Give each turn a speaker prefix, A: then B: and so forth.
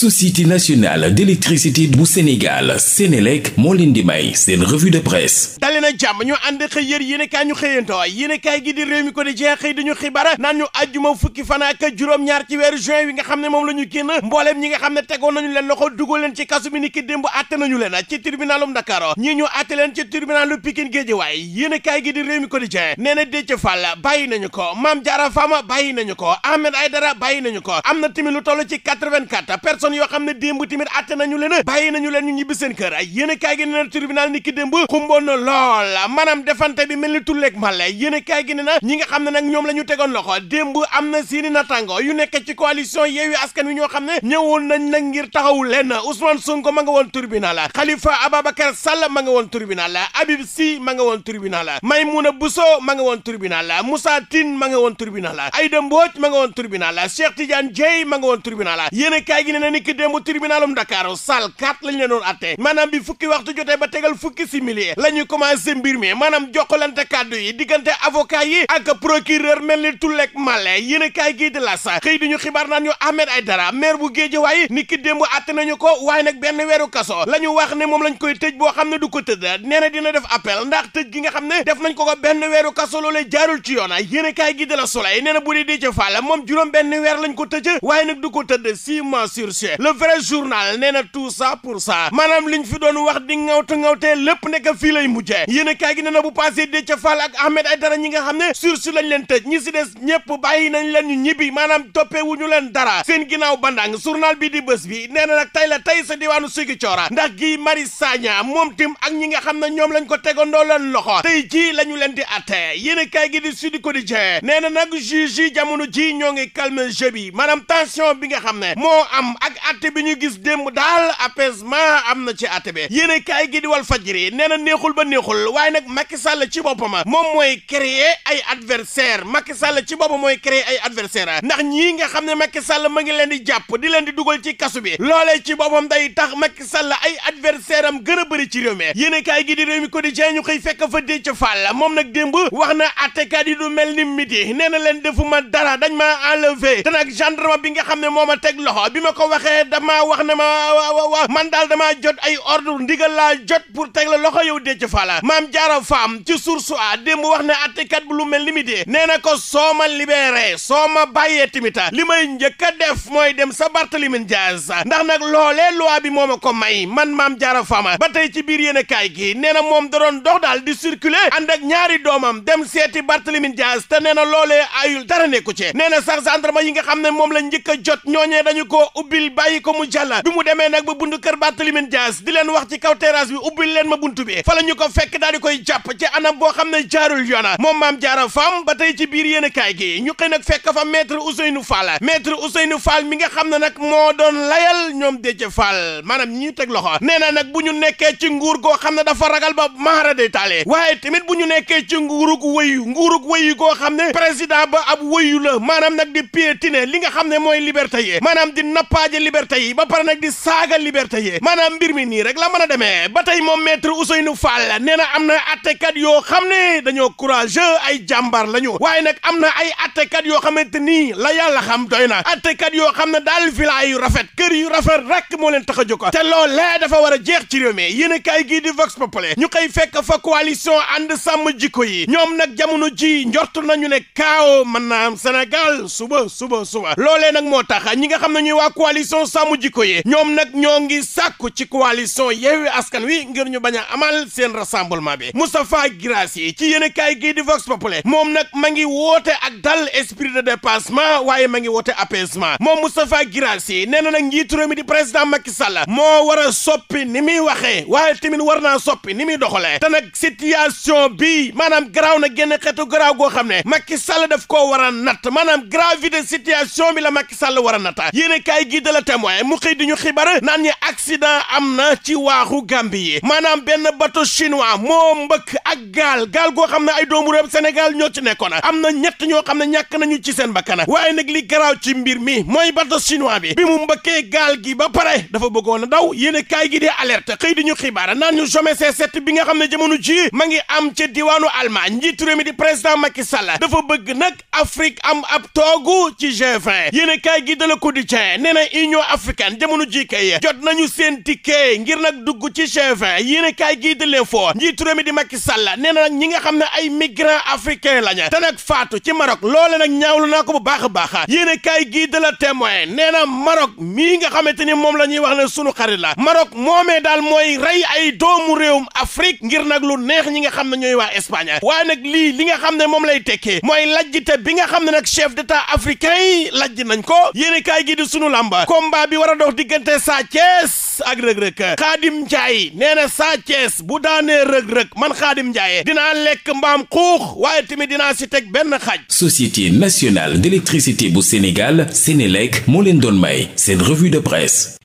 A: société nationale d'électricité bu Sénégal Sénélec moo leen di may seen revue de presse dali na ñu ànd xëy yër yéenekaay ñu xëyantoo yéenekaay gi di réew ko di jeex xëy dañu xibaar naan ñu àjjuma fukki fan ak juróom-ñaar ci weeru juin wi nga xam ne moom la génn mbooleem ñi nga xam ne tegoon nañu leen loxo dugal leen ci kasu bi démb àtte nañu leen ci tribunalum Dakar ñi ñu àtte leen ci tribunalu Pikine Guédiawaye yéenekaay gi personnes yoo xam ne démb tamit atte nañu leen bàyyi nañu leen ñu ñibbi kër ay yéen a kaay gi ne na tribunal ni ki démb xumboon na lool maanaam defante bi mel ni male yéen a gi ne ñi nga xam ne nag ñoom ñu tegoon loxo démb am na seeni natango yu nekk ci coalition Yewwi Askan Wi ñoo xam ne ñëwoon nañ nag ngir taxawu leen Ousmane Sonko ma nga woon tribunal Khalifa Ababacar Sall ma nga woon tribunal Habib Sy ma nga woon tribunal Maimouna Bousso ma nga woon tribunal Moussa ma nga woon tribunal la Mbodj ma nga woon tribunal Cheikh Tidiane Dieye ma nga woon a ne na ni ki démb tribunalum Dakar salle 4 lañ leen doon atte maanaam bi fukki waxtu jotee ba tegal fukki simili la ñuy commencé mbir mi maanaam jokkalante kàddu yi diggante avocat yi ak procureur mel ni tulleeg male yéen kaay gii di la sa xëy diñu xibaar naan ñu Ahmed Aïdara maire bu Guédiawaye ni ki démb atte nañu ko waaye nag benn weeru kaso la wax ne moom lañ koy tëj boo xam ne du ko tëdd nee na dina def appel ndax tëj gi nga xam ne def nañ ko ko benn weeru kaso loolee jaarul ci yoon a kaay gii di la Soleil nee na bu benn weer lañ ko tëj waaye nag du ko tëdd six mois sur Quotidien le vrai journal nee na tout ça pour ça maanaam liñ fi doon wax di ŋawtu ŋawtee lépp nekk fii lay mujjee yéen kaay gi nee na bu passé Déthié Fall ak Ahmed Aïdara ñi nga ne sursu lañ leen tëj ñi si des ñëpp bàyyi nañ leen ñibbi maanaam toppee wu ñu leen dara seen ginnaaw bandang journal bi di bés nag tey la tey sa diwaanu Sigi Coora ndax gi Mari Sagna moom tim ak ñi nga xam ñoom lañ ko tegandoo leen loxo tey jii la ñu di atte yéen kaay di Sud Quotidien nee na atte bi ñu gis démb daal apaisement am na ci ate bi yéene kaay gi di wal fajri nee na neexul ba neexul waaye nag Macky Sall ci boppam moom mooy créer ay adversaire Macky Sall ci boppam mooy créer ay adversaire ndax ñii nga xam ne Macky Sall ma ngi leen di jàpp di leen di dugal ci kasu bi loolee ci boppam day tax Macky Sall ay adversaire am gën a bëri ci réew mi yéene gi di réew mi quotidien ñu xëy fekk fa Déthié Fall moom nag démb wax na attekat yi du mel ni midi nee na leen defuma dara dañ ma enlevé te nag gendarme bi nga xam ne moo ma teg loxo bi ko wax ndax damaa wax ne ma wa man daal damaa jot ay ordre ndigal laa jot pour teg la loxo yow Déthié Fall maam jaara faam ci source a démb wax ne attekat bu lu mel ni mi dee nee na ko soo ma libéré soo ma bàyyee timita li may njëkk a def mooy dem sa Barthélémy Dias ndax nag loolee loi bi moo ma ko may man maam jaara faama ba tey ci biir yéen kaay gi nee na moom da dox daal di circuler ànd ak ñaari doomam dem seeti Barthélémy Dias te nee na loolee ayul dara nekku ci nee na sax gendarme yi nga xam ne moom la njëkk a jot ñooñee dañu ko ubbil bi bàyyi ko mu jàlla bi mu demee nag ba buntu kër Barthélémy Dias di leen wax ci kaw terrasse bi ubbil leen ma buntu bi fa la ñu ko fekk daal di koy jàpp ci anam boo xam ne jaarul yoona moom maam jaara faam ba tey ci biir yéen a kaay gi ñu xëy nag fekk fa maître Ousseynou Fall maître Ousseynou Fall mi nga xam ne nag moo doon layal ñoom Déthié Fall maanaam ñi teg loxo nee na nag bu ñu nekkee ci nguur goo xam ne dafa ragal ba maara day taale waaye tamit bu ñu nekkee ci nguurug wëyu nguurug wëyu goo xam ne président ba ab wëyu la maanaam nag di piétiner li nga xam ne mooy liberté yi maanaam di nappaaje liberté yi ba pare nag di saaga liberté yi maanaam mbir mi nii rek la mën a demee ba tey moom maître Ousseynou Fall nee na am na attekat yoo xam ne dañoo courageux ay jàmbaar lañu waaye nag am na ay attekat yoo xamante nii la yàlla xam doy na attekat yoo xam ne daal villa yu rafet kër yu rafet rek moo leen tax a jóg te loolee dafa war a jeex ci réew mi yéen a gii di Vox Populi ñu koy fekk fa coalition ànd sàmm jikko yi ñoom nag jamono ji njort nañu ne kaaw mën naa am Sénégal suba suba suba lool nag moo tax ñi xam ne coalition sàmm jikko ye ñoom nag ñoo ngi sàkku ci coalition yeewi askan wi ngir ñu bañ a amal seen rassemblement bi Moustapha Guirassy ci yéen kaay gii di Vox Populi moom nag ma ngi woote ak dal esprit de dépassement waaye ma ngi woote apaisement moom Moustapha Guirassy nee na nag njiitu réew mi di président Macky Sall moo war a soppi ni muy waxee waaye tamit war naa soppi ni muy doxalee te nag situation bi maanaam garaaw na génn xeetu garaaw goo xam ne Macky Sall daf koo war a natt maanaam gravité situation bi la Macky Sall war a natt yéen la témoin mu xëy di ñu xibaar naan ñi accident am na ci waaxu Gambie yi maanaam benn bateau chinois moo mbëkk ak gaal gaal goo xam ne ay doomu réew Sénégal ñoo ci nekkoon am na ñett ñoo xam ne ñàkk nañu ci seen bakkan waaye nag li garaaw ci mbir mi mooy bateau chinois bi bi mu e gaal gi ba pare dafa bëggoon na daw yéen kaay gi di alerte xëy di ñu xibaar naan ñu sommet g bi nga xam ne jamono ji ma ngi am ca diwaanu Allemagne njiitu réew mi di président Macky Sall dafa bëgg nag Afrique am ab toogu ci G20 yéen kaay gi de la union africaine jamono ji kay jot nañu seen ticket ngir nag dugg ci G20 yéen a kaay gii de l'info njiitu réew mi di Macky Sall nee na ñi nga xam ne ay migrants africains la te nag faatu ci Maroc loole nag ñaawlu na ko bu baax a baax yéen a kaay gii de la témoin nee na Maroc mii nga xamante ni moom la ñuy wax ne sunu xarit la Maroc moomee daal mooy rey ay doomu réewum Afrique ngir nag lu neex ñi nga xam ne ñooy waa Espagne waa nag lii li nga xam ne moom lay tekkee mooy lajjite bi nga xam ne nag chef d'état africain yi lajj nañ ko yéen a kaay gii di combat bi war a dox diggante Sa Thiès ak rëg-rëg Xaadim Njaay nee na Sa bu daanee rëg-rëg man Xaadim Njaay dinaa lekk mbaam xuux waaye tamit dinaa si teg benn xaj Société national d'électricité bu Sénégal Sénélec moo leen doon may seen revue de presse